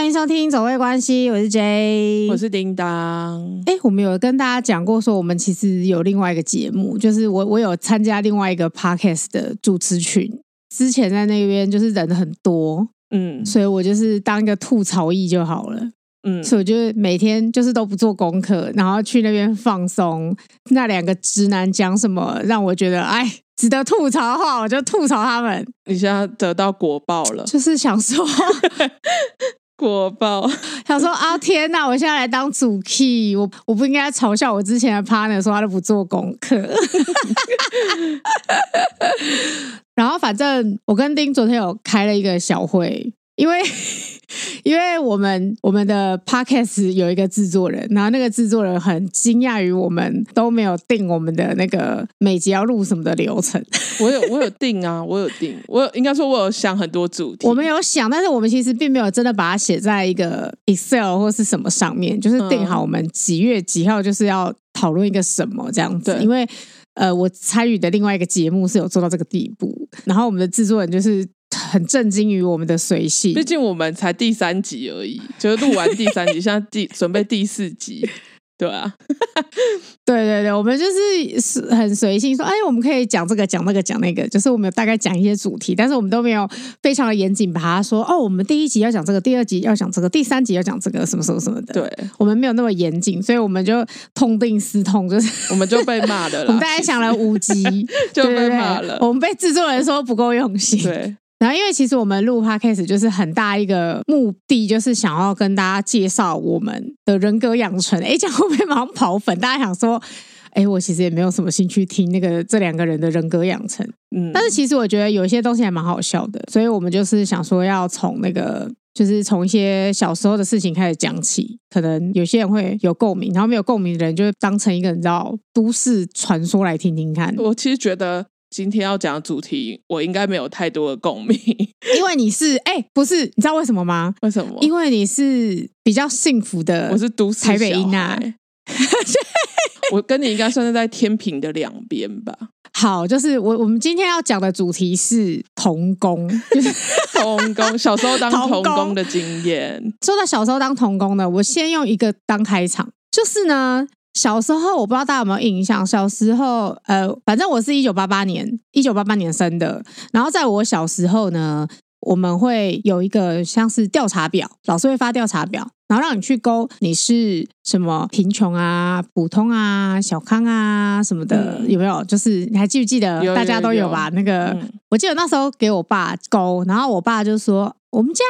歡迎收聽走味關係，我是 J，我是叮當。哎、欸，我們有跟大家講過，說我們其實有另外一個節目，就是我我有參加另外一個 podcast 的主持群。之前在那邊就是人很多，嗯，所以我就是當一個吐槽役就好了，嗯，所以我就每天就是都不做功課，然後去那邊放鬆。那兩個直男講什麼讓我覺得哎值得吐槽的話，我就吐槽他們。你現在得到果報了，就是想說。 果爆，他說：“啊，天哪、啊！我現在來當主 key，我我不應該嘲笑我之前的 partner，說他都不做功課。 ”然後，反正我跟丁昨天有開了一個小會。因為，因為我們我們的 Podcast 有一個製作人，然後那個製作人很驚訝於我們都沒有定我們的那個每集要錄什麼的流程。我有我有定啊， 我有定，我有應該說，我有想很多主題。我沒有想，但是我們其實並沒有真的把它寫在一個 Excel 或是什麼上面，就是定好我們幾月幾號就是要討論一個什麼這樣子。嗯、因為，呃，我參與的另外一個節目是有做到這個地步，然後我們的製作人就是。很震驚於我們的隨性。畢竟我們才第三集而已，就是錄完第三集， 現在第準備第四集，對啊，對對對，我們就是是很隨性說，哎，我們可以講這個，講那個，講那個，就是我們有大概講一些主題，但是我們都沒有非常的嚴謹把，把它說哦，我們第一集要講這個，第二集要講這個，第三集要講這個，什麼什麼什麼的。對，我們沒有那麼嚴謹，所以我們就痛定思痛，就是我們就被罵的了。 我們大概講了五集 就被罵了對對，我們被制作人說不夠用心。對。然後，因為其實我們錄 podcast 就是很大一個目的，就是想要跟大家介紹我們的人格養成。哎，這樣會不會馬上跑粉？大家想說，哎，我其實也沒有什麼興趣聽那個這兩個人的人格養成。嗯，但是其實我覺得有一些東西還蠻好笑的，所以我們就是想說要從那個，就是從一些小時候的事情開始講起。可能有些人會有共鳴，然後沒有共鳴的人就會當成一個你知道都市傳說來聽聽看。我其實覺得。今天要講的主題，我應該沒有太多的共鳴，因為你是哎、欸，不是，你知道為什麼嗎？為什麼？因為你是比較幸福的，我是獨台北囡仔， 我跟你應該算是在天平的兩邊吧。好，就是我我們今天要講的主題是童工，就是 童工，小時候當童工的經驗。說到小時候當童工呢，我先用一個當開場，就是呢。小時候我不知道大家有沒有印象，小時候呃，反正我是一九八八年，一九八八年生的。然後在我小時候呢，我們會有一個像是調查表，老師會發調查表，然後讓你去勾你是什麼貧窮啊、普通啊、小康啊什麼的、嗯，有沒有？就是你還記不記得？大家都有吧？有有有那個、嗯、我記得那時候給我爸勾，然後我爸就說我們家。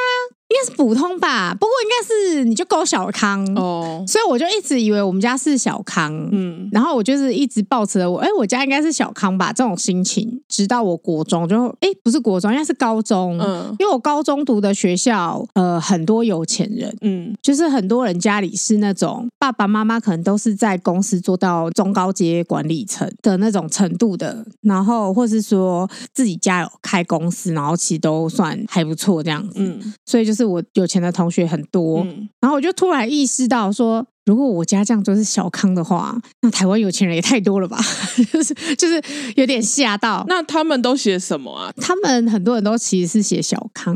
應該是普通吧，不過應該是你就夠小康哦，所以我就一直以為我們家是小康，嗯，然後我就是一直抱持着我，哎、欸，我家應該是小康吧這種心情，直到我國中就，哎、欸，不是國中，應該是高中，嗯，因為我高中讀的學校，呃，很多有錢人，嗯，就是很多人家裡是那種爸爸媽媽可能都是在公司做到中高階管理層的那種程度的，然後或是說自己家有開公司，然後其實都算還不錯這樣子，嗯，所以就是。是我有錢的同學很多，嗯，然後我就突然意識到說，如果我家這樣就是小康的話，那台灣有錢人也太多了吧， 就是、就是有點嚇到。那他們都寫什麼啊？他們很多人都其實是寫小康。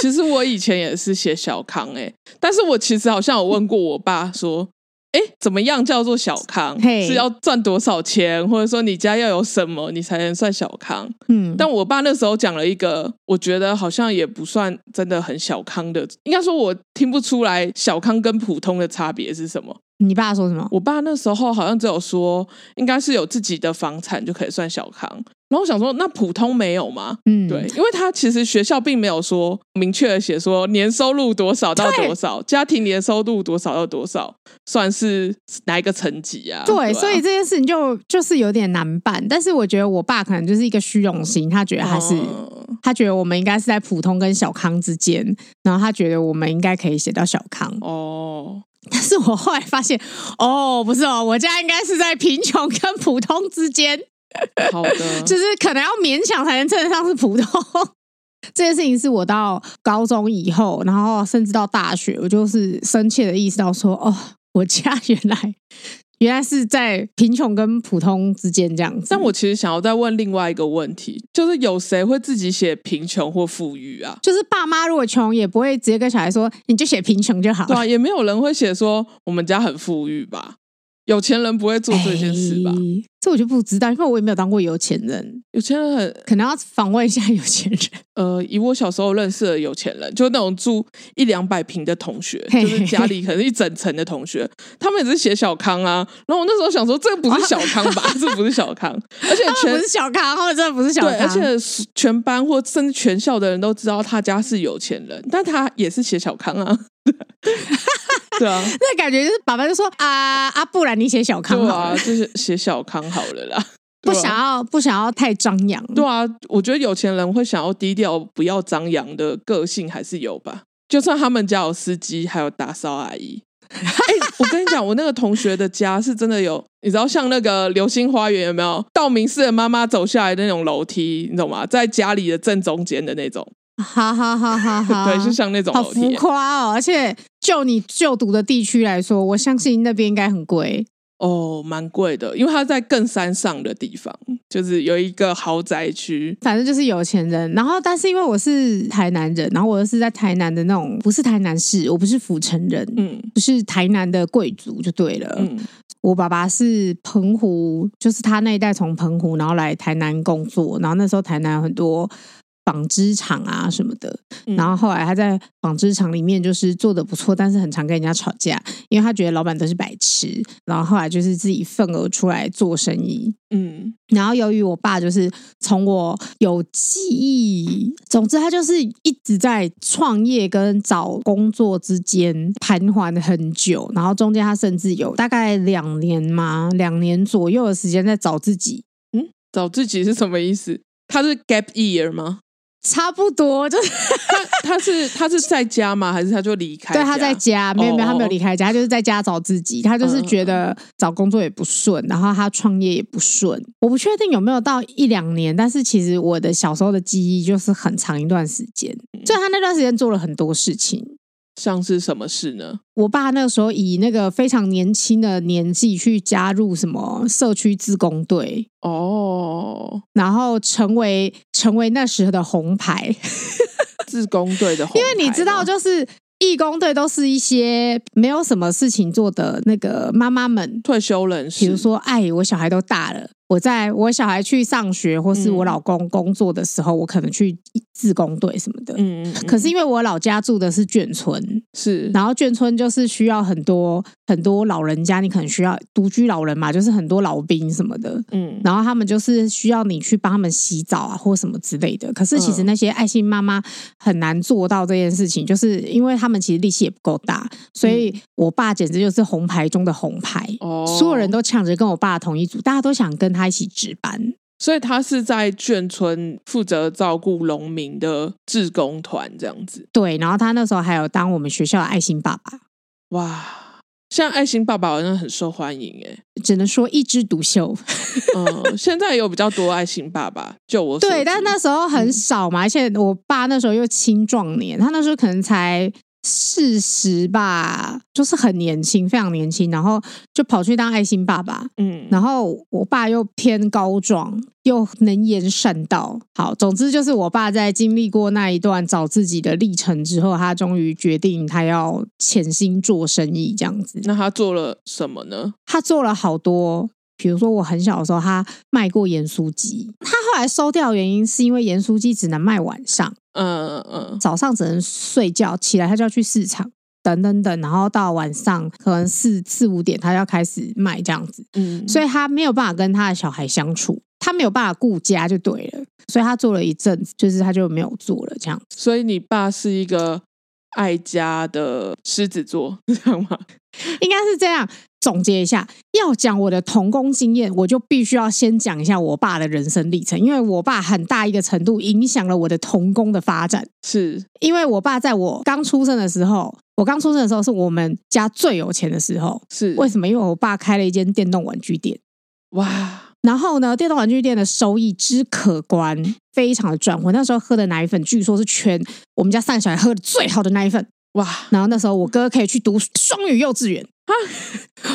其實我以前也是寫小康，欸，哎， 但是我其實好像有問過我爸說。哎、欸，怎麼樣叫做小康？嘿，是要賺多少錢，或者說你家要有什麼，你才能算小康？嗯，但我爸那時候講了一個，我覺得好像也不算真的很小康的，應該說我聽不出來小康跟普通的差別是什麼。你爸說什麼？我爸那時候好像只有說，應該是有自己的房產就可以算小康。然後我想說，那普通沒有嗎？嗯，對，因為他其實學校並沒有說明確的寫說，年收入多少到多少，家庭年收入多少到多少算是哪一個層級啊？對，對啊，所以這件事情就就是有點難辦。但是我覺得我爸可能就是一個虛榮心，他覺得他是，哦，他覺得我們應該是在普通跟小康之間，然後他覺得我們應該可以寫到小康哦。但是我後來發現，哦，不是哦，我家應該是在貧窮跟普通之間。好的，就是可能要勉強才能稱得上是普通。 這件事情是我到高中以後，然後甚至到大學，我就是深切的意識到說，哦，我家原來原來是在貧窮跟普通之間這樣子。但我其實想要再問另外一個問題，就是有誰會自己寫貧窮或富裕啊？就是爸媽如果窮，也不會直接跟小孩說，你就寫貧窮就好了。對啊，也沒有人會寫說我們家很富裕吧。有錢人不會做這件事吧？欸，這我就不知道，因為我也沒有當過有錢人。有錢人很，可能要訪問一下有錢人。呃，以我小時候認識的有錢人，就那種住一兩百坪的同學，就是家裡可能一整層的同學，嘿嘿嘿他們也是寫小康啊。然後我那時候想說，這個不是小康吧？這不是小康， 而且全是小康，後來真的不是小康，對。而且全班或甚至全校的人都知道他家是有錢人，但他也是寫小康啊。對，對啊， 那感覺就是爸爸就說、呃、啊，啊不然你寫小康好了，對啊，就是寫小康好了啦。啊、不想要，不想要太張揚。對啊，我覺得有錢人會想要低調，不要張揚的個性還是有吧。就算他們家有司機，還有打掃阿姨。哎、 欸，我跟你講，我那個同學的家是真的有，你知道像那個流星花園有沒有？道明寺的媽媽走下來的那種樓梯，你懂嗎？在家裡的正中間的那種。哈哈哈哈哈，對，就像那種樓梯。好浮誇哦！而且就你就讀的地區來說，我相信那邊應該很貴。哦，蠻貴的，因為他在更山上的地方，就是有一個豪宅區，反正就是有錢人。然後，但是因為我是台南人，然後我又是在台南的那種，不是台南市，我不是府城人，嗯，不是台南的貴族就對了，嗯。我爸爸是澎湖，就是他那一代從澎湖然後來台南工作，然後那時候台南有很多。紡織廠啊什麼的、嗯，然後後來他在紡織廠裡面就是做得不錯，但是很常跟人家吵架，因為他覺得老闆都是白痴。然後後來就是自己份額出來做生意，嗯。然後由於我爸就是從我有記憶，總之他就是一直在創業跟找工作之間徘徊了很久。然後中間他甚至有大概兩年嘛，兩年左右的時間在找自己。嗯，找自己是什麼意思？他是 gap year 嗎？差不多，就是他，他是他是在家嗎？還是他就離開？對，他在家，沒有沒有，oh，他沒有離開家，他就是在家找自己。他就是覺得找工作也不順，然後他創業也不順。嗯嗯。我不確定有沒有到一兩年，但是其實我的小時候的記憶就是很長一段時間。所以他那段時間做了很多事情。像是什麼事呢？我爸那個時候以那個非常年輕的年紀去加入什麼社區志工隊哦，然後成為成為那時候的紅牌志 工隊的，紅牌。因為你知道，就是義工隊都是一些沒有什麼事情做的那個媽媽們退休人士，比如說，哎，我小孩都大了。我在我小孩去上學，或是我老公工作的時候，嗯、我可能去志工隊什麼的。嗯，嗯，可是因為我老家住的是眷村，是，然後眷村就是需要很多很多老人家，你可能需要獨居老人嘛，就是很多老兵什麼的。嗯。然後他們就是需要你去幫他們洗澡啊，或什麼之類的。可是其實那些愛心媽媽很難做到這件事情，嗯、就是因為他們其實力氣也不夠大。所以我爸簡直就是紅牌中的紅牌。哦。所有人都搶着跟我爸同一組，大家都想跟他。他一起值班，所以他是在眷村負責照顧農民的志工團這樣子。對，然後他那時候還有當我們學校的愛心爸爸。哇，像愛心爸爸好像很受歡迎耶、欸，只能說一枝獨秀。 嗯，現在也有比較多愛心爸爸，就我對，但那時候很少嘛、嗯，而且我爸那時候又青壯年，他那時候可能才。事實吧，就是很年輕，非常年輕，然後就跑去當愛心爸爸。嗯，然後我爸又偏高壯，又能言善道。好，總之就是我爸在經歷過那一段找自己的歷程之後，他終於決定他要潛心做生意，這樣子。那他做了什麼呢？他做了好多，比如說我很小的時候，他賣過鹽酥雞。他後來收掉的原因是因為鹽酥雞只能賣晚上。嗯嗯，早上只能睡覺，起來他就要去市場，等等等，然後到晚上可能四四五點，他就要開始賣這樣子。嗯，所以他沒有辦法跟他的小孩相處，他沒有辦法顧家就對了。所以他做了一陣子，就是他就沒有做了這樣。所以你爸是一個愛家的獅子座，你知道嗎？應該是這樣。總結一下，要講我的童工經驗，我就必須要先講一下我爸的人生歷程，因為我爸很大一個程度影響了我的童工的發展。是，因為我爸在我剛出生的時候，我剛出生的時候是我們家最有錢的時候。是，為什麼？因為我爸開了一間電動玩具店。哇！然後呢，電動玩具店的收益之可觀，非常的賺。我那時候喝的奶粉，據說是全我們家三小孩喝的最好的奶粉。哇！然後那時候我哥可以去讀雙語幼稚園。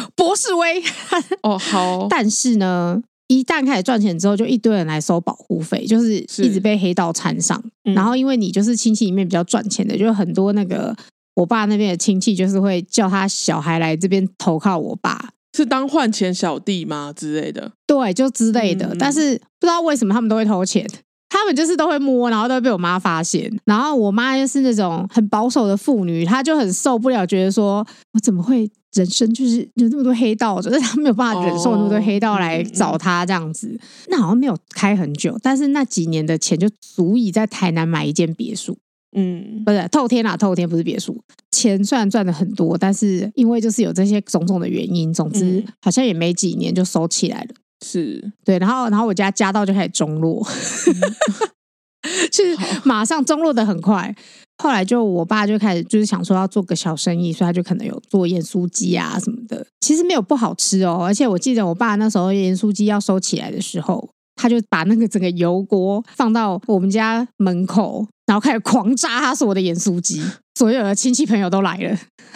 博士威 哦，好哦，但是呢，一旦開始賺錢之後，就一堆人來收保護費，就是一直被黑道纏上、嗯。然後因為你就是親戚裡面比較賺錢的，就是很多那個我爸那邊的親戚，就是會叫他小孩來這邊投靠我爸，是當換錢小弟嗎之類的？對，就之類的、嗯。但是不知道為什麼他們都會偷錢。他們就是都會摸，然後都會被我媽發現，然後我媽就是那種很保守的婦女，她就很受不了，覺得說我怎麼會人生就是有那麼多黑道，覺得她沒有辦法忍受那麼多黑道來找她這樣子、哦嗯嗯。那好像沒有開很久，但是那幾年的錢就足以在台南買一間別墅。嗯，不是透天啦，透天不是別墅，錢雖然賺的很多，但是因為就是有這些種種的原因，總之好像也沒幾年就收起來了。嗯是對，然後然後我家家道就開始中落，嗯、 就是馬上中落的很快，後來就我爸就開始就是想說要做個小生意，所以他就可能有做鹽酥雞啊什麼的。其實沒有不好吃哦，而且我記得我爸那時候鹽酥雞要收起來的時候，他就把那個整個油鍋放到我們家門口，然後開始狂炸。他是我的鹽酥雞，所有的親戚朋友都來了，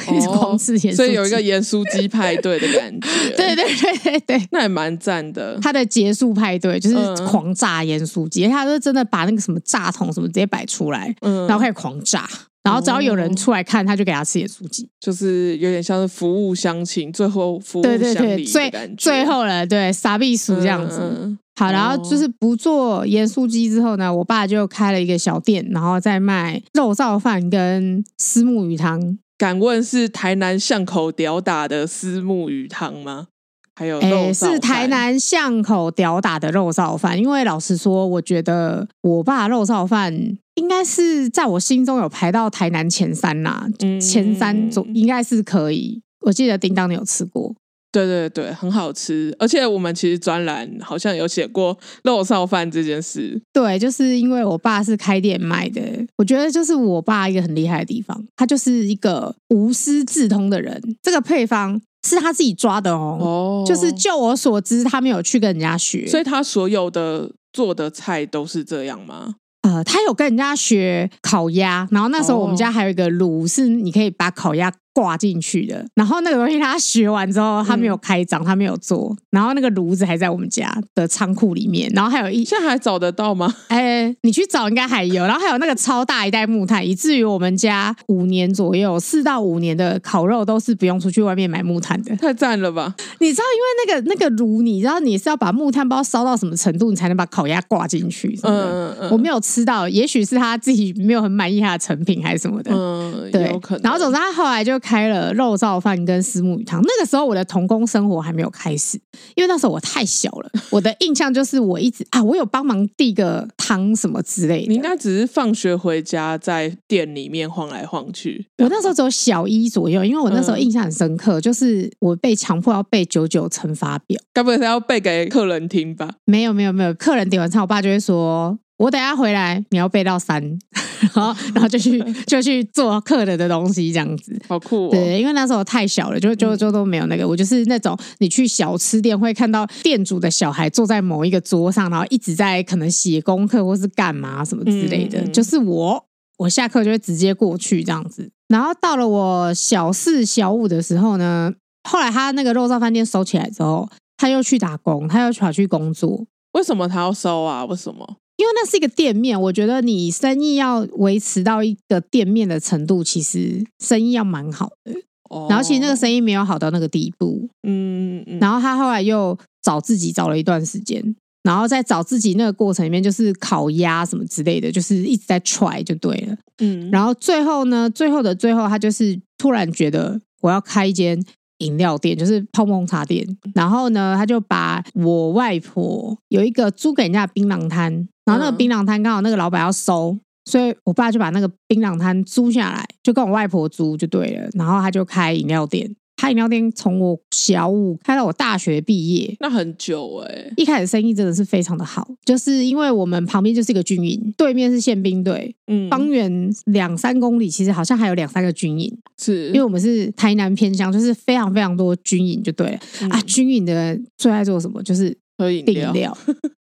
哦、 一直狂吃鹽酥雞，所以有一個鹽酥雞派對的感覺。 對，對對對對，那也蠻讚的。他的結束派對就是狂炸鹽酥雞，嗯、他是真的把那個什麼炸桶什麼直接擺出來，嗯，然後開始狂炸。然後只要有人出來看，嗯、他就給他吃鹽酥雞，就是有點像是服務鄉親，最後服務鄉里。對對對，對所以，最後了，對殺必死，這樣子。嗯嗯。好，然後就是不做鹽酥雞之後呢，我爸就開了一個小店，然後再賣肉燥飯跟虱目魚湯。敢問是台南巷口屌打的虱目魚湯嗎？還有肉，誒、欸，是台南巷口屌打的肉燥飯。因為老實說，我覺得我爸肉燥飯應該是在我心中有排到台南前三啦，嗯、前三總應該是可以。我記得叮噹你有吃過。對對對，很好吃，而且我們其實專欄好像有寫過肉臊飯這件事。對，就是因為我爸是開店賣的，我覺得就是我爸一個很厲害的地方，他就是一個無師自通的人。這個配方是他自己抓的哦，哦，就是就我所知，他沒有去跟人家學。所以他所有的做的菜都是這樣嗎？啊、呃，他有跟人家學烤鴨，然後那時候我們家還有一個爐、哦、是你可以把烤鴨。掛進去的，然後那個東西他學完之後，他沒有開張，嗯，他沒有做，然後那個爐子還在我們家的倉庫裡面，然後還有一現在還找得到嗎？哎，你去找應該還有，然後還有那個超大一袋木炭， 以至於我們家五年左右四到五年的烤肉都是不用出去外面買木炭的，太讚了吧！你知道，因為那個那個爐，你知道你是要把木炭包燒到什麼程度，你才能把烤鴨掛進去是不是嗯？嗯，我沒有吃到，也許是他自己沒有很滿意他的成品還是什麼的，嗯，對，有可能，然後總之他後來就開。開了肉燥飯跟虱目魚湯，那個時候我的童工生活還沒有開始，因為那時候我太小了。我的印象就是我一直啊，我有幫忙遞個湯什麼之類的。你應該只是放學回家在店裡面晃來晃去。我那時候只有小一左右，因為我那時候印象很深刻，呃、就是我被強迫要背九九乘法表。該不會是要背給客人聽吧？沒有沒有沒有，客人點完餐，我爸就會說：“我等下回來，你要背到三。” 然後，然後就去就去做客人的東西，這樣子，好酷、哦。對，因為那時候我太小了，就就就都沒有那個、嗯。我就是那種，你去小吃店會看到店主的小孩坐在某一個桌上，然後一直在可能寫功課或是幹嘛什麼之類的。嗯、就是我，我下課就會直接過去這樣子。然後到了我小四、小五的時候呢，後來他那個肉燥飯店收起來之後，他又去打工，他又跑去工作。為什麼他要收啊？為什麼？因為那是一個店面，我覺得你生意要維持到一個店面的程度，其實生意要蠻好的。哦、然後其實那個生意沒有好到那個地步。嗯嗯，然後他後來又找自己找了一段時間，然後在找自己那個過程裡面，就是烤鴨什麼之類的，就是一直在 try 就對了。嗯。然後最後呢，最後的最後，他就是突然覺得我要開一間飲料店，就是泡沫茶店。然後呢，他就把我外婆有一個租給人家的檳榔攤，然後那個檳榔攤剛好那個老闆要收，所以我爸就把那個檳榔攤租下來，就跟我外婆租就對了。然後他就開飲料店，開飲料店從我小五開到我大學畢業，那很久誒、欸、一開始生意真的是非常的好，就是因為我們旁邊就是一個軍營，對面是憲兵隊，嗯，方圓兩三公里其實好像還有兩三個軍營，是因為我們是台南偏鄉，就是非常非常多軍營就對了、嗯、啊。軍營的人最愛做什麼就是喝飲料，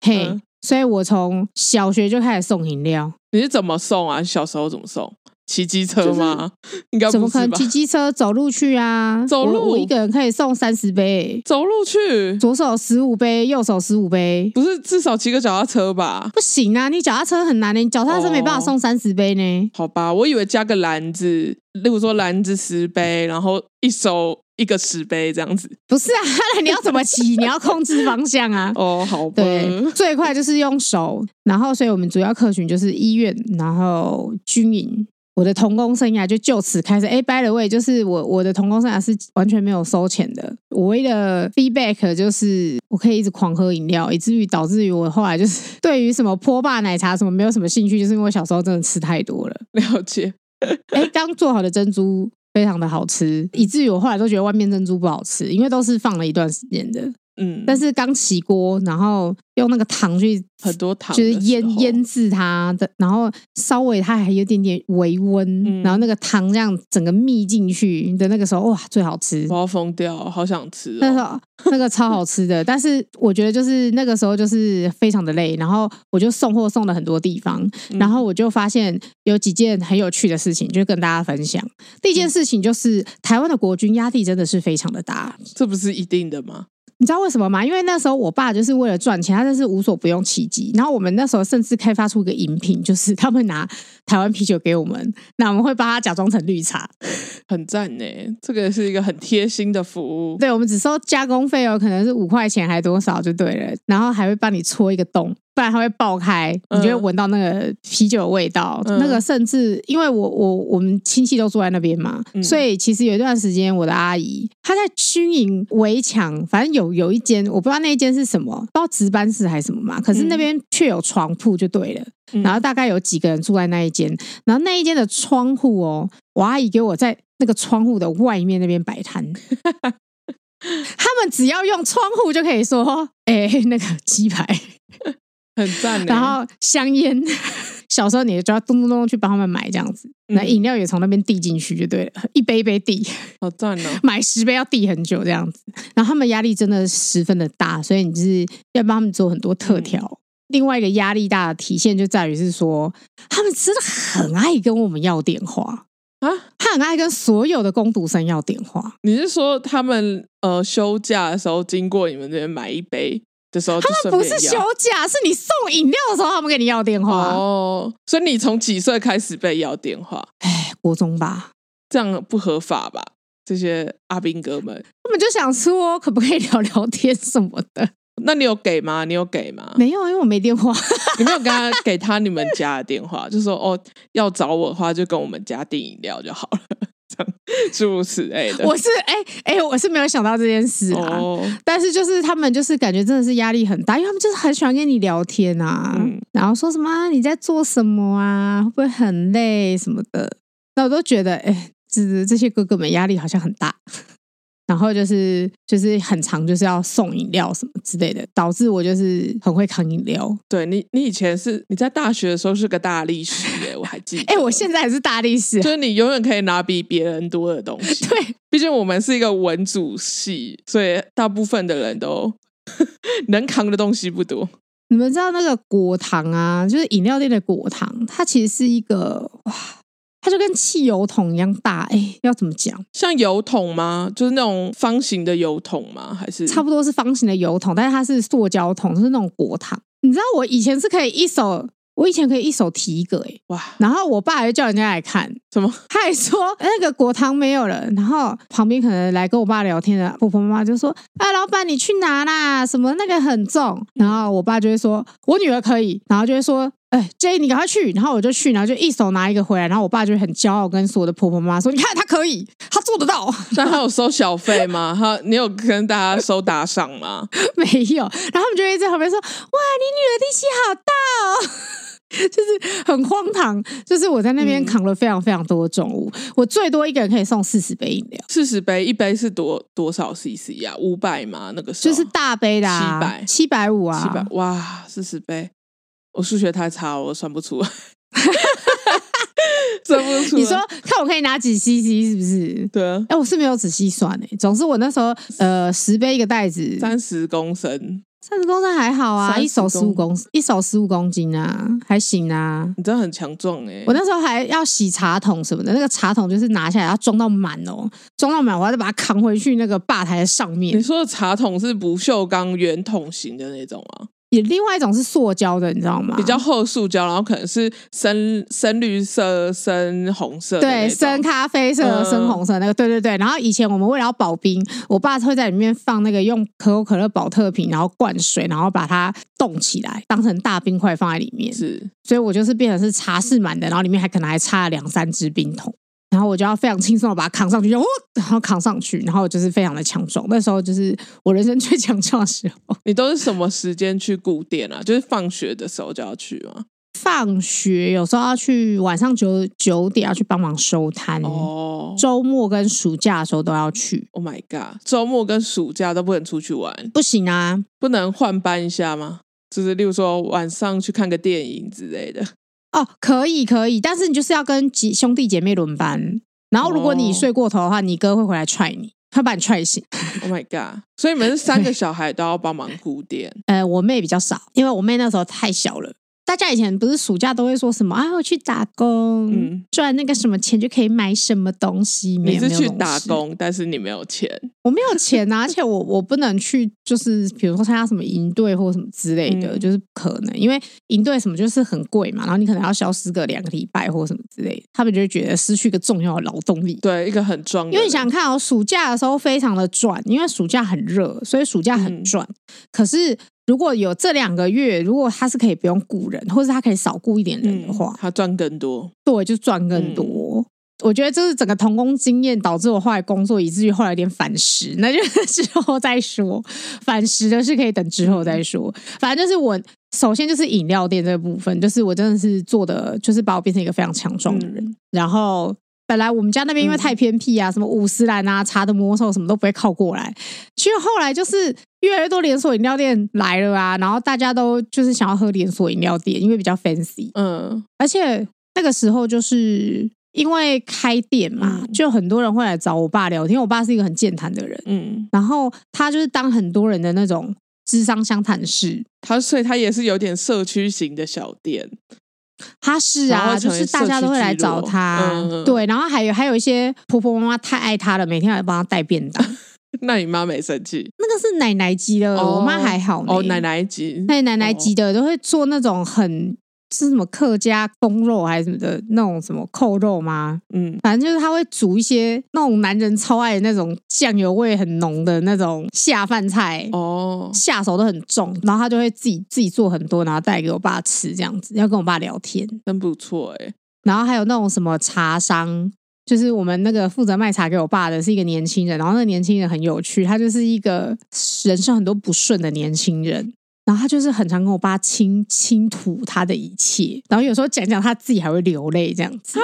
嘿。 hey, 嗯所以我從小學就開始送飲料。你是怎麼送啊？你小時候怎麼送？騎機車嗎？就是、應該不是吧？怎麼可能。騎機車走路去啊？走路我一個人可以送三十杯。走路去，左手十五杯，右手十五杯。不是至少騎個腳踏車吧？不行啊，你腳踏車很難呢、欸、你腳踏車沒辦法送三十杯呢、欸。Oh, 好吧，我以為加個籃子，例如說籃子十杯，然後一手。一個石碑這樣子，不是啊？你要怎麼騎？ 你要控制方向啊？哦，好，對，最快就是用手。然後，所以我們主要客群就是醫院，然後軍營。我的童工生涯就就此開始。哎、欸、，by the way，就是我我的童工生涯是完全沒有收錢的。我唯一的 feedback 就是我可以一直狂喝飲料，以至於導致於我後來就是對於什麼波霸奶茶什麼沒有什麼興趣，就是因為我小時候真的吃太多了。了解。哎、 欸，剛做好的珍珠。非常的好吃，以至於我後來都覺得外面珍珠不好吃，因為都是放了一段時間的。嗯，但是剛起鍋，然後用那個糖去很多糖，就是醃醃製它的，然後稍微它還有點點微溫、嗯，然後那個糖這樣整個密進去的那個時候，哇，最好吃！我要瘋掉、哦，好想吃、哦。那個時候，那個超好吃的， 但是我覺得就是那個時候就是非常的累，然後我就送貨送了很多地方，然後我就發現有幾件很有趣的事情，就跟大家分享。第一件事情就是、嗯、台灣的國軍壓力真的是非常的大，這不是一定的嗎？你知道為什麼嗎？因為那時候我爸就是為了賺錢，他就是無所不用其極。然後我們那時候甚至開發出一個飲品，就是他們拿台灣啤酒給我們，那我們會把它假裝成綠茶，很讚呢。這個是一個很貼心的服務，對，我們只收加工費哦，可能是五塊錢還多少就對了，然後還會幫你戳一個洞。不然它會爆開，你就會聞到那個啤酒的味道。呃、那個甚至因為我我我們親戚都住在那邊嘛、嗯，所以其實有一段時間，我的阿姨她在軍營圍牆，反正有有一間我不知道那一間是什麼，到值班室還是什麼嘛。可是那邊卻有床鋪，就對了、嗯。然後大概有幾個人住在那一間，然後那一間的窗戶哦、喔，我阿姨給我在那個窗戶的外面那邊擺攤， 他們只要用窗戶就可以說，哎、欸，那個雞排。 很贊、欸。然後香煙，小時候你就要咚咚咚去幫他們買這樣子。那飲料也從那邊遞進去就對了，一杯一杯遞。好賺哦、喔。買十杯要遞很久這樣子。然後他們壓力真的十分的大，所以你就是要幫他們做很多特調、嗯。另外一個壓力大的體現就在於是說，他們真的很愛跟我們要電話啊，他很愛跟所有的工讀生要電話。你是說他們呃休假的時候經過你們這邊買一杯？時候他們不是休假，是你送飲料的時候，他們給你要電話。哦，所以你從幾歲開始被要電話？哎，國中吧。這樣不合法吧？這些阿兵哥們，他們就想說，可不可以聊聊天什麼的？那你有給嗎？你有給嗎？沒有，因為我沒電話。有 沒有跟他給他你們家的電話？ 就說哦，要找我的話，就跟我們家訂飲料就好了。諸如此類的， 我是哎哎、欸欸，我是沒有想到這件事、啊、哦。但是就是他們就是感覺真的是壓力很大，因為他們就是很喜歡跟你聊天啊，嗯、然後說什麼、啊、你在做什麼啊，會不會很累什麼的。那我都覺得哎，就是、欸、這些哥哥們壓力好像很大。然後就是就是很常就是要送飲料什麼之類的，導致我就是很會扛飲料。對你，你以前是你在大學的時候是個大力士哎，我還記得。哎、 欸，我現在還是大力士，啊，就是你永遠可以拿比別人多的東西。 對，畢竟我們是一個文組系，所以大部分的人都 能扛的東西不多。你們知道那個果糖啊，就是飲料店的果糖，它其實是一個哇。它就跟汽油桶一樣大，哎、欸，要怎麼講？像油桶嗎？就是那種方形的油桶嗎？還是差不多是方形的油桶，但是它是塑膠桶，是那種果糖。你知道我以前是可以一手，我以前可以一手提一個、欸，哎哇！然後我爸還叫人家來看，什麼？他還說那個果糖沒有了。然後旁邊可能來跟我爸聊天的婆婆媽媽就說：“哎，老闆，你去拿啦，什麼那個很重。”然後我爸就會說：“我女兒可以。”然後就會說。哎、欸、，J，你趕快去，然後我就去，然後就一手拿一個回來，然後我爸就很驕傲，跟我的婆婆媽說：“你看他可以，他做得到。”那他有收小費嗎？ 他你有跟大家收打賞嗎？ 沒有。然後他們就一直在旁邊說：“哇，你女兒力氣好大哦！” 就是很荒唐。就是我在那邊扛了非常非常多的重物，嗯、我最多一個人可以送四十杯飲料，四十杯，一杯是多多少 cc 啊？五百嗎？那個就是大杯的，七百七百五啊，七百、啊、哇，四十杯。我數學太差，我算不出了。 算不出。 你說看我可以拿幾 cc 是不是？對啊。哎、欸，我是沒有仔細算哎、欸。總之我那時候呃十杯一個袋子，三十公升。三十公升還好啊，一手十五公，公一手十五公斤啊，還行啊。你真的很強壯、欸、我那時候還要洗茶桶什麼的，那個茶桶就是拿下來要裝到滿哦、喔，裝到滿，我還得把它扛回去那個吧台的上面。你說的茶桶是不鏽鋼圓筒型的那種啊？也另外一種是塑膠的，你知道嗎？比較厚塑膠，然後可能是深深綠色、深紅色。對，深咖啡色、呃、深紅色那個。對對對。然後以前我們為了要保冰，我爸會在裡面放那個用可口可樂保特瓶，然後灌水，然後把它凍起來，當成大冰塊放在裡面。是。所以我就是變成是茶室滿的，然後裡面還可能還插了兩三隻冰桶。然後我就要非常輕鬆的把它扛上去，然後扛上去，然後就是非常的強壯。那時候就是我人生最強壯的時候。你都是什麼時間去顧店啊？就是放學的時候就要去嗎？放學有時候要去，晚上九九點要去幫忙收攤哦。周末跟暑假的時候都要去。Oh my god！周末跟暑假都不能出去玩？不行啊，不能換班一下嗎？就是例如說晚上去看個電影之類的。哦、oh，可以可以，但是你就是要跟兄弟姐妹輪班，然後如果你睡過頭的話，oh. 你哥會回來踹你，他把你踹醒。 oh my god！所以你們三個小孩都要幫忙顧店。 呃，我妹比較少，因為我妹那時候太小了。大家以前不是暑假都會說什麼？哎、啊，我去打工，嗯，賺那個什麼錢就可以買什麼東西。沒有，你是去打工，但是你沒有錢。我沒有錢啊， 而且我我不能去，就是比如說參加什麼營隊或什麼之類的，嗯、就是不可能，因為營隊什麼就是很貴嘛，然後你可能要消失個兩個禮拜或什麼之類，他們就會覺得失去一個重要的勞動力。對，一個很重要。因為你想，想看哦，暑假的時候非常的賺，因為暑假很熱，所以暑假很賺。嗯、可是。如果有這兩個月，如果他是可以不用雇人，或者他可以少雇一點人的話，嗯、他賺更多。對，就賺更多、嗯。我覺得這是整個童工經驗導致我後來工作以至於後來有點反噬，那就之後再說。反噬的是可以等之後再說。嗯、反正就是我首先就是飲料店這部分，就是我真的是做的，就是把我變成一個非常強壯的人、嗯，然後。本來我們家那邊因為太偏僻啊，嗯、什麼五十嵐啊、茶的魔手，什麼都不會靠過來。其實後來就是越來越多連鎖飲料店來了啊，然後大家都就是想要喝連鎖飲料店，因為比較 fancy。嗯，而且那個時候就是因為開店嘛，嗯、就很多人會來找我爸聊天。我爸是一個很健談的人，嗯，然後他就是當很多人的那種諮商相談室。他所以他也是有點社區型的小店。他是啊就，就是大家都會來找他，嗯嗯，對，然後還有還有一些婆婆媽媽太愛他了，每天要幫他帶便當。 那你媽沒生氣？那個是奶奶級的哦，我媽還好。哦，奶奶級，對，奶奶級的，哦、都會做那種很。是什麼客家封肉還是什麼的那種什麼扣肉嗎？嗯，反正就是他會煮一些那種男人超愛的那種醬油味很濃的那種下飯菜哦，下手都很重，然後他就會自己自己做很多，然後帶給我爸吃這樣子，要跟我爸聊天，真不錯哎、欸。然後還有那種什麼茶商，就是我們那個負責賣茶給我爸的是一個年輕人，然後那個年輕人很有趣，他就是一個人生很多不順的年輕人。然後他就是很常跟我爸傾傾吐他的一切，然後有時候講講他自己還會流淚這樣子。啊，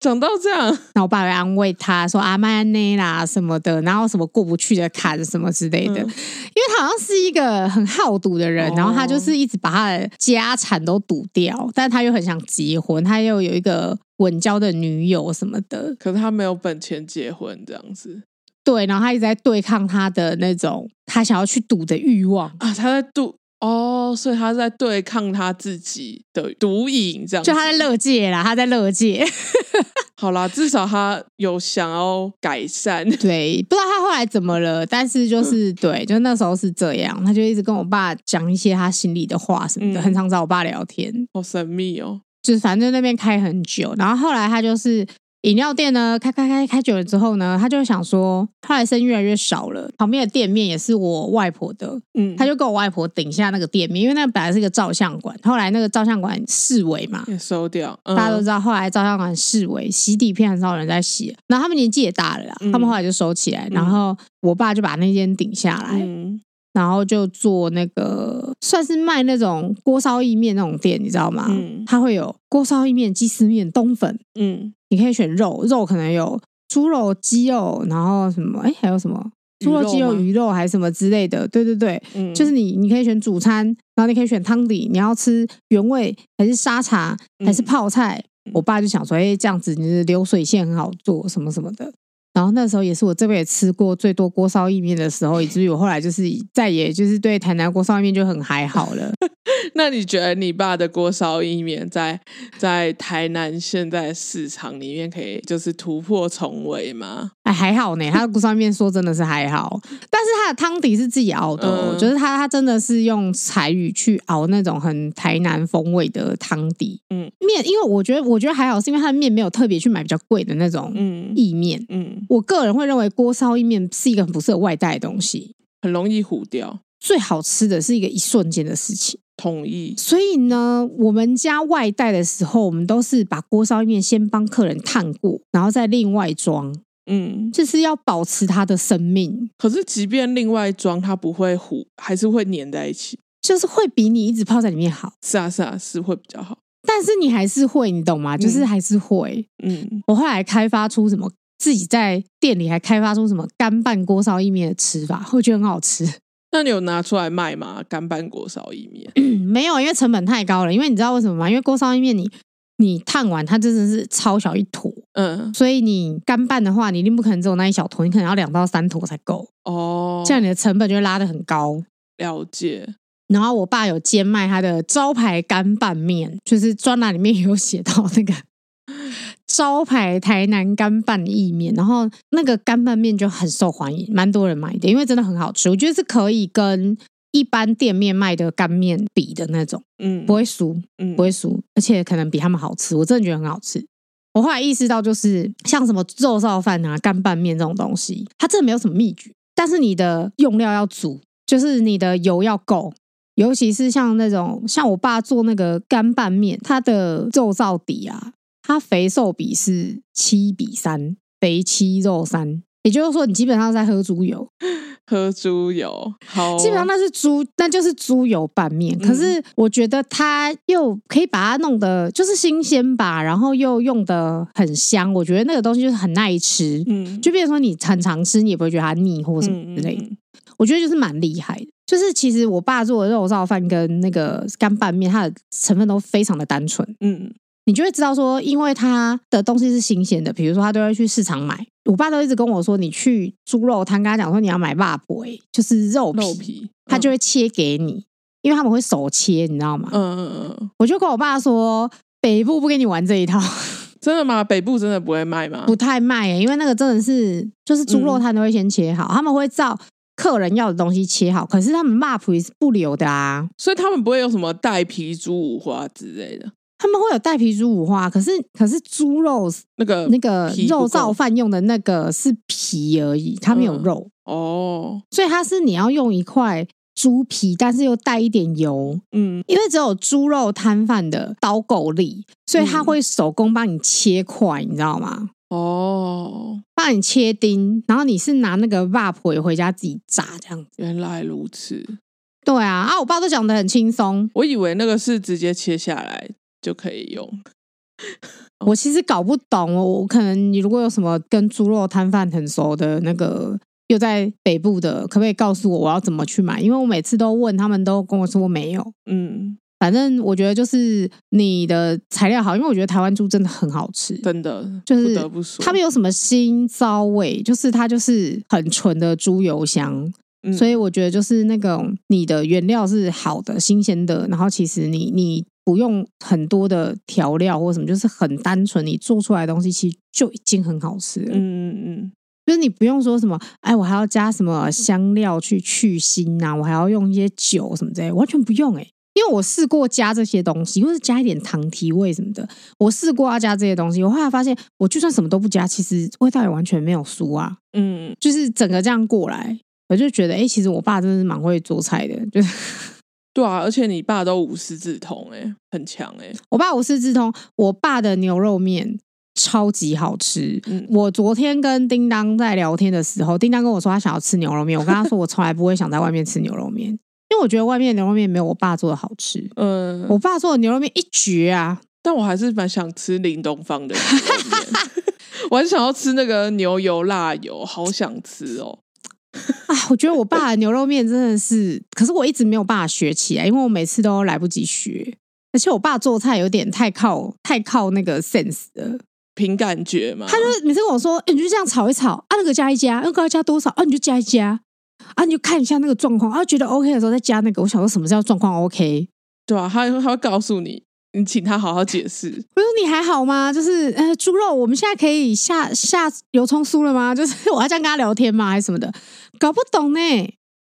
講到這樣，然後我爸會安慰他說：“啊，邁安內啦什麼的，然後什麼過不去的坎什麼之類的。嗯”因為他好像是一個很好賭的人，哦，然後他就是一直把他的家產都賭掉，但他又很想結婚，他又有一個穩交的女友什麼的。可是他沒有本錢結婚這樣子。對，然後他一直在對抗他的那種他想要去賭的慾望啊，他在賭。哦、oh，所以他在對抗他自己的毒癮，這樣子，就他在勒戒啦，他在勒戒。 好啦，至少他有想要改善。對，不知道他後來怎麼了，但是就是 對，就那時候是這樣，他就一直跟我爸講一些他心裡的話什麼的、嗯，很常找我爸聊天。好神秘哦，就是反正那邊開很久，然後後來他就是。飲料店呢，開開開開久了之後呢，他就想說，後來生意越來越少了，旁邊的店面也是我外婆的，嗯，他就跟我外婆頂下那個店面，因為那本來是一個照相館，後來那個照相館式微嘛，也收掉，呃，大家都知道，後來照相館式微洗底片很少人在洗，然後他們年紀也大了啦，嗯，他們後來就收起來，嗯，然後我爸就把那間頂下來。嗯然後就做那個，算是賣那種鍋燒意麵那種店，你知道嗎？嗯，它會有鍋燒意麵、雞絲麵、冬粉，嗯，你可以選肉，肉可能有豬肉、雞肉，然後什麼？哎，還有什麼？豬肉、雞肉、魚肉，魚肉還是什麼之類的？對對對，嗯，就是你你可以選主餐，然後你可以選湯底，你要吃原味還是沙茶還是泡菜，嗯。我爸就想說，哎，這樣子你的流水線很好做，什麼什麼的。然後那時候也是我這邊也吃過最多鍋燒意麵的時候，以至於我後來就是再也就是對台南鍋燒意麵就很還好了。 那你覺得你爸的鍋燒意麵在在台南現在市場裡面可以就是突破重圍嗎？哎，還好呢，他的鍋燒意麵說真的是還好，但是他的湯底是自己熬的哦，我覺得他他真的是用柴魚去熬那種很台南風味的湯底。嗯，麵因為我覺得我覺得還好，是因為他的麵沒有特別去買比較貴的那種意麵。嗯。嗯我個人會認為鍋燒意麵是一個很不適合外帶的東西，很容易糊掉。最好吃的是一個一瞬間的事情，同意。所以呢，我們家外帶的時候，我們都是把鍋燒意麵先幫客人燙過，然後再另外裝。嗯，就是要保持它的生命。可是即便另外裝，它不會糊，還是會粘在一起，就是會比你一直泡在裡面好。是啊，是啊，是會比較好。但是你還是會，你懂嗎？就是還是會。嗯，我後來開發出什麼？自己在店裡還開發出什麼乾拌鍋燒意麵的吃法，會覺得很好吃。那你有拿出來賣嗎？乾拌鍋燒意麵？嗯，沒有，因為成本太高了。因為你知道為什麼嗎？因為鍋燒意麵你你燙完它真的是超小一坨，嗯，所以你乾拌的話，你一定不可能只有那一小坨，你可能要兩到三坨才夠。哦。這樣你的成本就會拉得很高。了解。然後我爸有兼賣他的招牌乾拌麵，就是專欄裡面有寫到那個。 招牌台南乾拌意面，然後那個乾拌面就很受歡迎，蠻多人買的，因為真的很好吃。我覺得是可以跟一般店面賣的乾面比的那種，嗯，不會輸，嗯，不會輸，嗯，而且可能比他們好吃。我真的覺得很好吃。我後來意識到，就是像什麼肉燥飯啊、乾拌面這種東西，它真的沒有什麼秘訣，但是你的用料要足，就是你的油要夠，尤其是像那種像我爸做那個乾拌麵，它的肉燥底啊。它肥瘦比是七比三，肥七肉三，也就是說你基本上是在喝豬油，喝豬油，好，基本上那是豬，那就是豬油拌麵，嗯。可是我覺得它又可以把它弄得就是新鮮吧，然後又用得很香，我覺得那個東西就是很耐吃。嗯，就變成說你很常吃，你也不會覺得它膩或什麼之類的。嗯嗯嗯，我覺得就是蠻厲害的，就是其實我爸做的肉燥飯跟那個乾拌麵，它的成分都非常的單純。嗯。你就會知道說，因為他的東西是新鮮的，比如說他都會去市場買。我爸都一直跟我說，你去豬肉攤跟他講說你要買 b u 就是肉皮，肉皮，他就會切給你，嗯、因為他們會手切，你知道嗎？嗯嗯嗯。我就跟我爸說，北部不跟你玩這一套。真的嗎？北部真的不會賣嗎？不太賣、欸，因為那個真的是就是豬肉攤都會先切好，嗯、他們會照客人要的東西切好，可是他們 b u 是不留的啊，所以他們不會有什麼帶皮豬五花之類的。他們會有帶皮豬五花，可是可是豬肉那個那個肉燥飯用的那個是皮而已，它沒有肉，嗯、哦，所以它是你要用一塊豬皮，但是又帶一點油，嗯，因為只有豬肉攤販的刀夠利，所以他會手工幫你切塊，嗯，你知道嗎？哦，幫你切丁，然後你是拿那個 wrap 回家自己炸這樣子。原來如此，對啊，啊，我爸都講得很輕鬆，我以為那個是直接切下來。就可以用。 我其實搞不懂，我可能你如果有什麼跟豬肉攤販很熟的那個，又在北部的，可不可以告訴我我要怎麼去買？因為我每次都問，他們都跟我說我沒有。嗯，反正我覺得就是你的材料好，因為我覺得台灣豬真的很好吃，真的，不得不說，就是它沒有什麼腥臊味，就是它就是很純的豬油香。所以我覺得就是那個你的原料是好的、新鮮的，然後其實你你不用很多的調料或什麼，就是很單純，你做出來的東西其實就已經很好吃了。嗯嗯嗯，就是你不用說什麼，哎，我還要加什麼香料去去腥啊，我還要用一些酒什麼之類，完全不用哎、欸。因為我試過加這些東西，或是加一點糖提味什麼的，我試過要加這些東西，我後來發現我就算什麼都不加，其實味道也完全沒有輸啊。嗯，就是整個這樣過來。我就覺得，哎、欸，其實我爸真的是蠻會做菜的，就是對啊，而且你爸都無師自通、欸，哎，很強哎、欸。我爸無師自通，我爸的牛肉麵超級好吃、嗯。我昨天跟叮噹在聊天的時候，叮噹跟我說他想要吃牛肉麵，我跟他說我從來不會想在外面吃牛肉麵， 因為我覺得外面的牛肉麵沒有我爸做的好吃。嗯、呃，我爸做的牛肉麵一絕啊，但我還是蠻想吃林東芳的牛肉麵， 我還是想要吃那個牛油辣油，好想吃哦。我覺得我爸的牛肉麵真的是，可是我一直沒有辦法學起來，因為我每次都來不及學，而且我爸做菜有點太靠太靠那個 sense 的，憑感覺嘛。他就每次跟我說、欸：“你就這樣炒一炒啊，那個加一加，那個要加多少啊？你就加一加啊，你就看一下那個狀況啊，覺得 OK 的時候再加那個。”我想說什麼叫狀況 OK？對啊，他他會告訴你，你請他好好解釋。我說你還好嗎？就是呃，豬肉我們現在可以下下油蔥酥了嗎？就是我要這樣跟他聊天嗎？還是什麼的？搞不懂呢，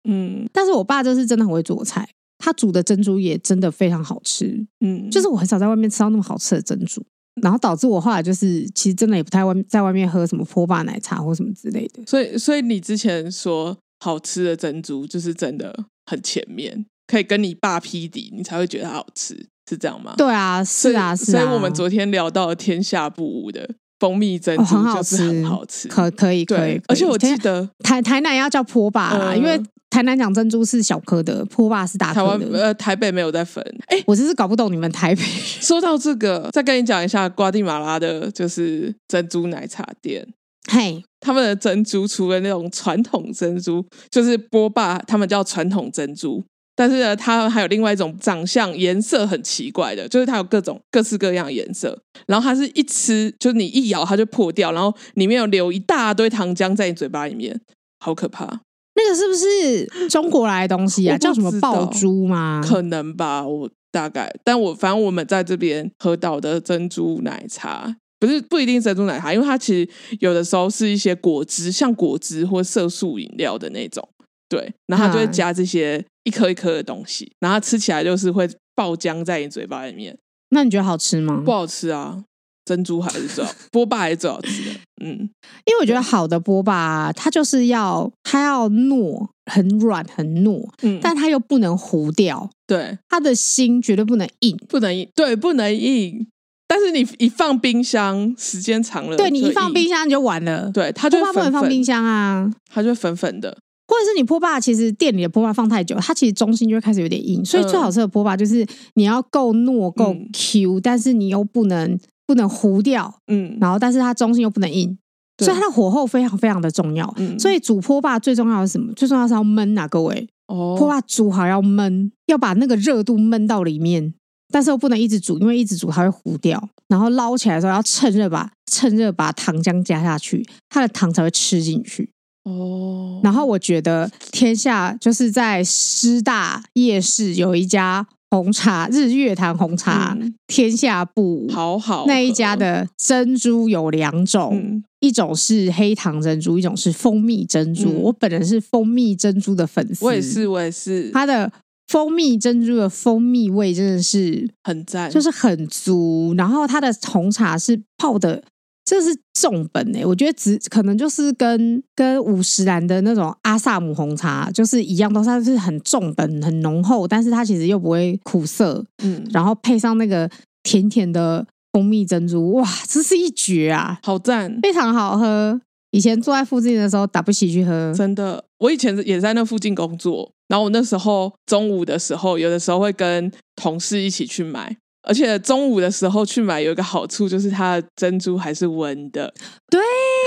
嗯，但是我爸就是真的很會做菜，他煮的珍珠也真的非常好吃，嗯，就是我很少在外面吃到那麼好吃的珍珠，然後導致我後來就是其實真的也不太外在外面喝什麼波霸奶茶或什麼之類的，所以所以你之前說好吃的珍珠就是真的很前面，可以跟你爸劈底，你才會覺得它好吃，是這樣嗎？對啊，是啊，是啊。所以我們昨天聊到了天下不無的。蜂蜜珍珠很好吃，很好吃，就是很好吃可，可以，可以。而且我記得台台南要叫波霸啦，呃，因為台南講珍珠是小顆的，波霸是大顆的。台灣。呃，台北沒有在分。哎，我真是搞不懂你們台北。說到這個，再跟你講一下，瓜地馬拉的就是珍珠奶茶店。嘿，他們的珍珠除了那種傳統珍珠，就是波霸，他們叫傳統珍珠。但是呢，它還有另外一種長相，顏色很奇怪的，就是它有各種各式各樣的顏色。然後它是一吃，就是你一咬它就破掉，然後裡面有留一大堆糖漿在你嘴巴裡面，好可怕！那個是不是中國來的東西啊？叫什麼爆珠嗎？可能吧，我大概。但我反正我們在這邊喝到的珍珠奶茶，不是不一定珍珠奶茶，因為它其實有的時候是一些果汁，像果汁或色素飲料的那種。對，然後它就會加這些一顆一顆的東西，然後吃起來就是會爆漿在你嘴巴裡面。那你覺得好吃嗎？不好吃啊！珍珠還是最好， 波霸還是最好吃的。嗯，因為我覺得好的波霸，它就是要，它要糯，很軟很糯，嗯，但它又不能糊掉。對，它的心絕對不能硬，不能硬，對，不能硬。但是你一放冰箱，時間長了，對，你一放冰箱你就完了。對，它就，它不能放冰箱啊，它就會粉粉的。或者是你波霸，其實店裡的波霸放太久，它其實中心就會開始有點硬，所以最好吃的波霸就是你要夠糯夠 Q、嗯、但是你又不能不能糊掉，嗯，然後但是它中心又不能硬，嗯、所以它的火候非常非常的重要。嗯、所以煮波霸最重要的是什麼？最重要是要燜啊各位，哦，波霸煮好要燜，要把那個熱度燜到裡面，但是又不能一直煮，因為一直煮它會糊掉。然後撈起來的時候要趁熱把趁熱把糖漿加下去，它的糖才會吃進去。哦，然後我覺得天下就是在師大夜市有一家紅茶日月潭紅茶、嗯、天下部，好好那一家的珍珠有兩種、嗯，一種是黑糖珍珠，一種是蜂蜜珍珠、嗯。我本人是蜂蜜珍珠的粉絲，我也是，我也是。它的蜂蜜珍珠的蜂蜜味真的是很讚，就是很足。然後它的紅茶是泡的。這是重本欸，我覺得只可能就是跟跟五十嵐的那種阿薩姆紅茶就是一樣，都算是很重本、很濃厚，但是它其實又不會苦澀。嗯，然後配上那個甜甜的蜂蜜珍珠，哇，這是一絕啊！好讚，非常好喝。以前坐在附近的時候打不起去喝，真的。我以前也在那附近工作，然後我那時候中午的時候，有的時候會跟同事一起去買。而且中午的時候去買有一個好處，就是它的珍珠還是溫的，對，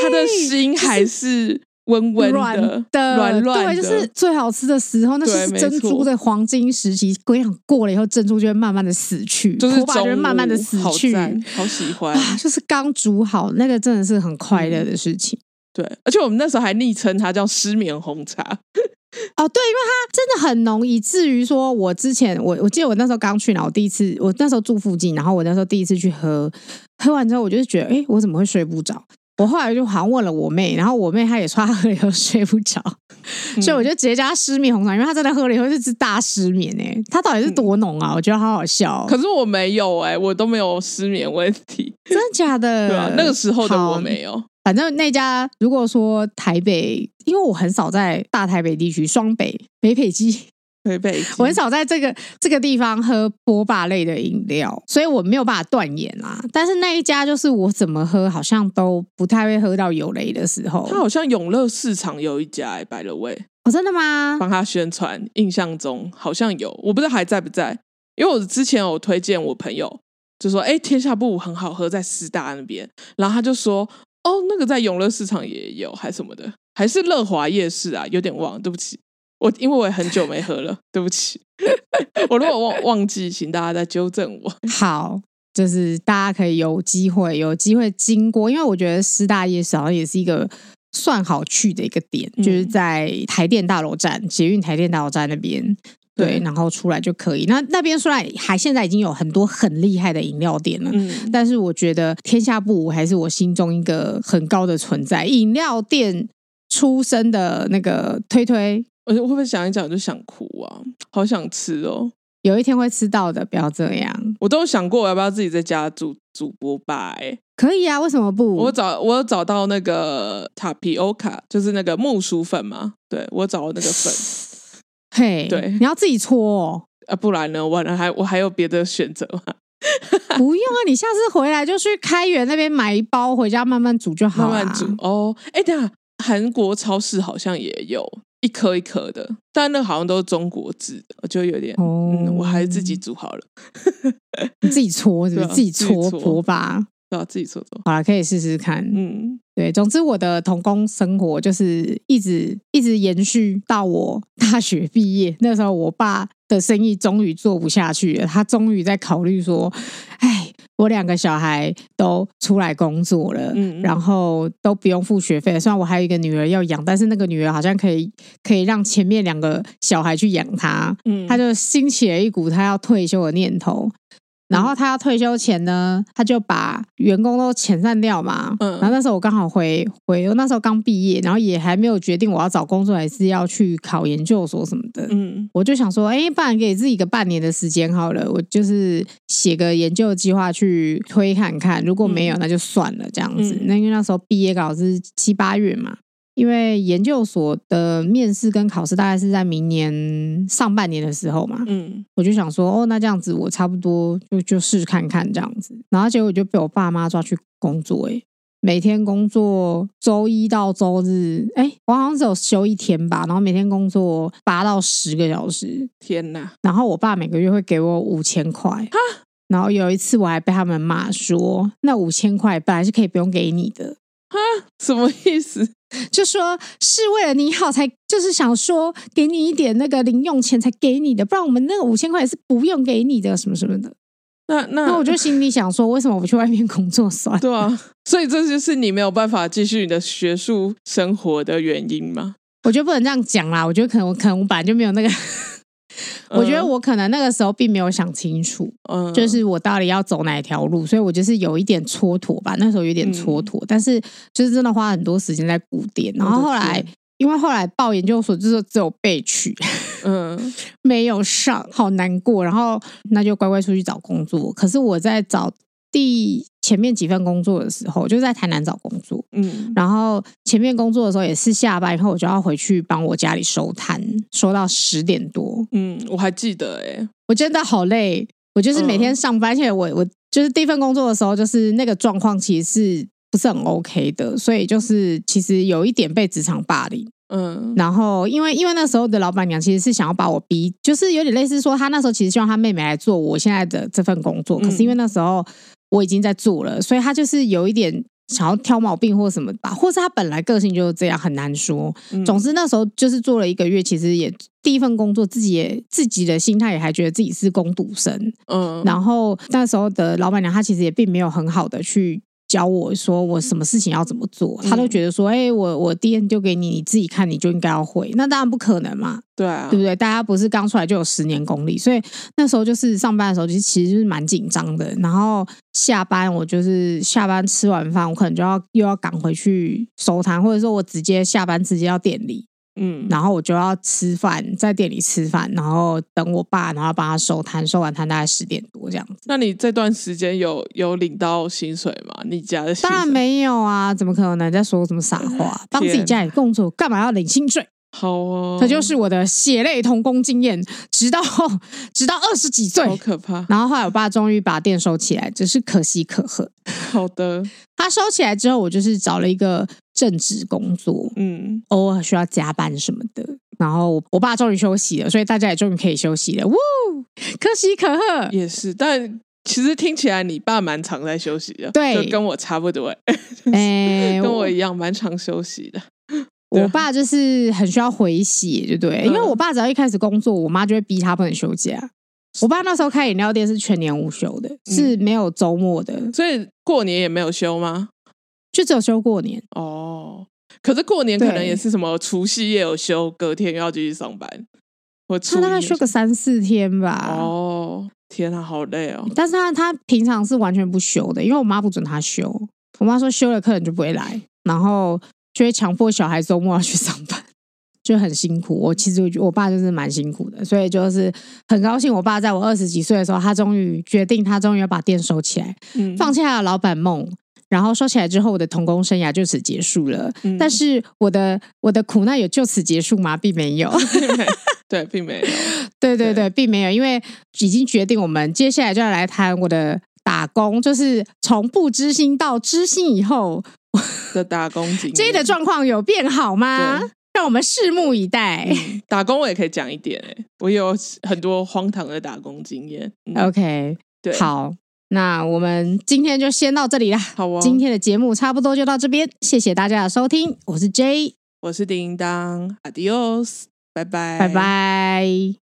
它的心還是溫溫的，就是、軟的、軟軟的，對，就是最好吃的時候，那是珍珠的黃金時期。過樣過了以後，珍珠就會慢慢的死去，就是把人慢慢的死去，好，好喜歡，啊、就是剛煮好那個真的是很快樂的事情、嗯。對，而且我們那時候還昵稱它叫失眠紅茶。 哦，對，因為它真的很濃，以至於說我之前我我記得我那時候剛去然後第一次我那時候住附近，然後我那時候第一次去喝，喝完之後我就覺得，哎，我怎麼會睡不着？我後來就好像問了我妹，然後我妹她也說她喝了以後睡不着、嗯，所以我就直接叫她失眠紅茶，因為她真的喝了以後就是大失眠誒、欸。她到底是多濃啊、嗯？我覺得好好笑。可是我沒有哎、欸，我都沒有失眠問題，真的假的對、啊？那個時候的我沒有。反正那家，如果說台北，因為我很少在大台北地區，雙北、北北基、北北，我很少在這個這個地方喝波霸類的飲料，所以我沒有辦法斷言啊。但是那一家，就是我怎麼喝，好像都不太會喝到有雷的時候。他好像永樂市場有一家欸，百樂味，哦，真的嗎？幫他宣傳，印象中好像有，我不知道還在不在。因為我之前我推薦我朋友，就說哎，天下布武很好喝，在師大那邊，然後他就說。哦、oh，那個在永樂市場也有，還是什麼的，還是樂華夜市啊？有點忘，對不起，我因為我也很久沒喝了， 對不起，我如果忘忘記，請大家再糾正我。好，就是大家可以有機會，有機會經過，因為我覺得師大夜市好像也是一個算好去的一個點，嗯、就是在台電大樓站捷運台電大樓站那邊。對，然後出來就可以。那那邊雖然還現在已經有很多很厲害的飲料店了，嗯、但是我覺得天下布武還是我心中一個很高的存在。飲料店出身的那個推推，我會不會想一想我就想哭啊？好想吃哦，有一天會吃到的。不要這樣，我都想過我要不要自己在家煮波霸、欸？可以啊，為什麼不？我找我找到那個塔皮歐卡，就是那個木薯粉嘛。對，我找到那個粉。 嘿、hey，對，你要自己搓、哦、啊，不然呢？我還我還有別的選擇嗎？ 不用啊，你下次回來就去開源那邊買一包回家慢慢煮就好、啊。慢慢煮哦。哎、欸，等下韓國超市好像也有一顆一顆的，但那好像都是中國製的，我就有點、哦、嗯，我還是自己煮好了， 你自己搓是吧、啊？自己搓搓吧。要自己做做，好了，可以試試看。嗯，對，總之我的童工生活就是一直一直延續到我大學畢業。那時候，我爸的生意終於做不下去了，他終於在考慮說：“哎，我兩個小孩都出來工作了，嗯，然後都不用付學費了。雖然我還有一個女兒要養，但是那個女兒好像可以可以讓前面兩個小孩去養她。嗯，他就興起了一股他要退休的念頭。”然後他要退休前呢，他就把員工都遣散掉嘛。嗯，然後那時候我剛好回回，我那時候剛畢業，然後也還沒有決定我要找工作還是要去考研究所什麼的。嗯，我就想說，誒，不然給自己個半年的時間好了，我就是寫個研究計劃去推看看，如果沒有那就算了這樣子。那、嗯嗯、因為那時候畢業剛好是七八月嘛。因為研究所的面試跟考試大概是在明年上半年的時候嘛，嗯，我就想說，哦，那這樣子我差不多就就試看看這樣子，然後結果就被我爸媽抓去工作，哎，每天工作周一到周日，哎，我好像只有休一天吧，然後每天工作八到十個小時，天哪！然後我爸每個月會給我五千塊哈，然後有一次我還被他們罵說，那五千塊本來是可以不用給你的。啊，什麼意思？就說是為了你好，才就是想說給你一點那個零用錢才給你的，不然我們那個五千塊是不用給你的，什麼什麼的。那那，那我就心裡想說，呃，為什麼我不去外面工作算了？對啊，所以這就是你沒有辦法繼續你的學術生活的原因嗎？我覺得不能這樣講啦，我覺得可能我可能我本來就沒有那個。 我覺得我可能那個時候並沒有想清楚，嗯、uh,，就是我到底要走哪條路，uh, 所以我就是有一點蹉跎吧，那時候有點蹉跎，嗯，但是就是真的花很多時間在古典，然後後來、就是、因為後來報研究所就是只有備取，嗯、uh, 沒有上，好難過，然後那就乖乖出去找工作，可是我在找。第前面幾份工作的時候，就是在台南找工作。嗯，然後前面工作的時候也是下班以後，我就要回去幫我家裡收攤，收到十點多。嗯，我還記得、欸，哎，我真的好累。我就是每天上班，嗯、而且我我就是第一份工作的時候，就是那個狀況其實是不是很 OK 的，所以就是其實有一點被職場霸凌。嗯，然後因為因為那時候的老板娘其實是想要把我逼，就是有點類似說，她那時候其實希望她妹妹來做我現在的這份工作，嗯、可是因為那時候。我已經在做了，所以他就是有一點想要挑毛病或什麼吧，或是他本來個性就這樣，很難說。嗯。總之那時候就是做了一個月，其實也第一份工作，自己也自己的心態也還覺得自己是工讀生，嗯，然後那時候的老板娘她其實也並沒有很好的去。教我說我什麼事情要怎麼做，他都覺得說，欸，我我店丟給你，你自己看，你就應該要會。那當然不可能嘛，對啊，對不對？大家不是剛出來就有十年功力，所以那時候就是上班的時候就其實就是蠻緊張的。然後下班我就是下班吃完飯，我可能就要又要趕回去收攤，或者說我直接下班直接到店裡。嗯，然後我就要吃飯，在店裡吃飯，然後等我爸，然後幫他收攤，收完攤大概十點多這樣子。那你這段時間有有領到薪水嗎？你家的薪水當然沒有啊，怎麼可能在說什麼傻話，啊。幫自己家裡工作，幹嘛要領薪水？好啊，哦，這就是我的血淚童工經驗，直到直到二十幾歲，好可怕。然後後來我爸終於把店收起來，只，就是可喜可賀。好的，他收起來之後，我就是找了一個。正職工作，嗯，偶爾需要加班什麼的。然後我爸終於休息了，所以大家也終於可以休息了，嗚，可喜可賀。也是，但其實聽起來你爸蠻常在休息的，對，跟我差不多，欸、 跟我一樣蠻常休息的我。我爸就是很需要回血，就對、嗯，因為我爸只要一開始工作，我媽就會逼他不能休假。我爸那時候開飲料店是全年無休的，嗯、是沒有周末的，所以過年也沒有休嗎？就只有休過年哦，可是過年可能也是什麼除夕夜有休，隔天又要繼續上班。我他大概休個三四天吧。哦，天啊，好累哦！但是他他平常是完全不休的，因為我媽不准他休，我媽說休了客人就不會來，然後就會強迫小孩周末要去上班，就很辛苦。我其實我覺得我爸就是蠻辛苦的，所以就是很高興，我爸在我二十幾歲的時候，他終於決定，他終於要把店收起來，嗯、放棄他的老闆夢。然後說起來之後，我的童工生涯就此結束了。嗯、但是我的我的苦難有就此結束嗎？並沒有， 沒對，並沒有， 對對對，對，對，並沒有。因為已經決定，我們接下來就要來談我的打工，就是從不知心到知心以後的打工經驗。 這個狀況有變好嗎？讓我們拭目以待、嗯。打工我也可以講一點誒、欸，我有很多荒唐的打工經驗。嗯、OK，對，好。那我們今天就先到這裡啦，好哦。今天的節目差不多就到這邊，謝謝大家的收聽。我是 Jay，我是叮噹，Adios，拜拜拜拜。Bye bye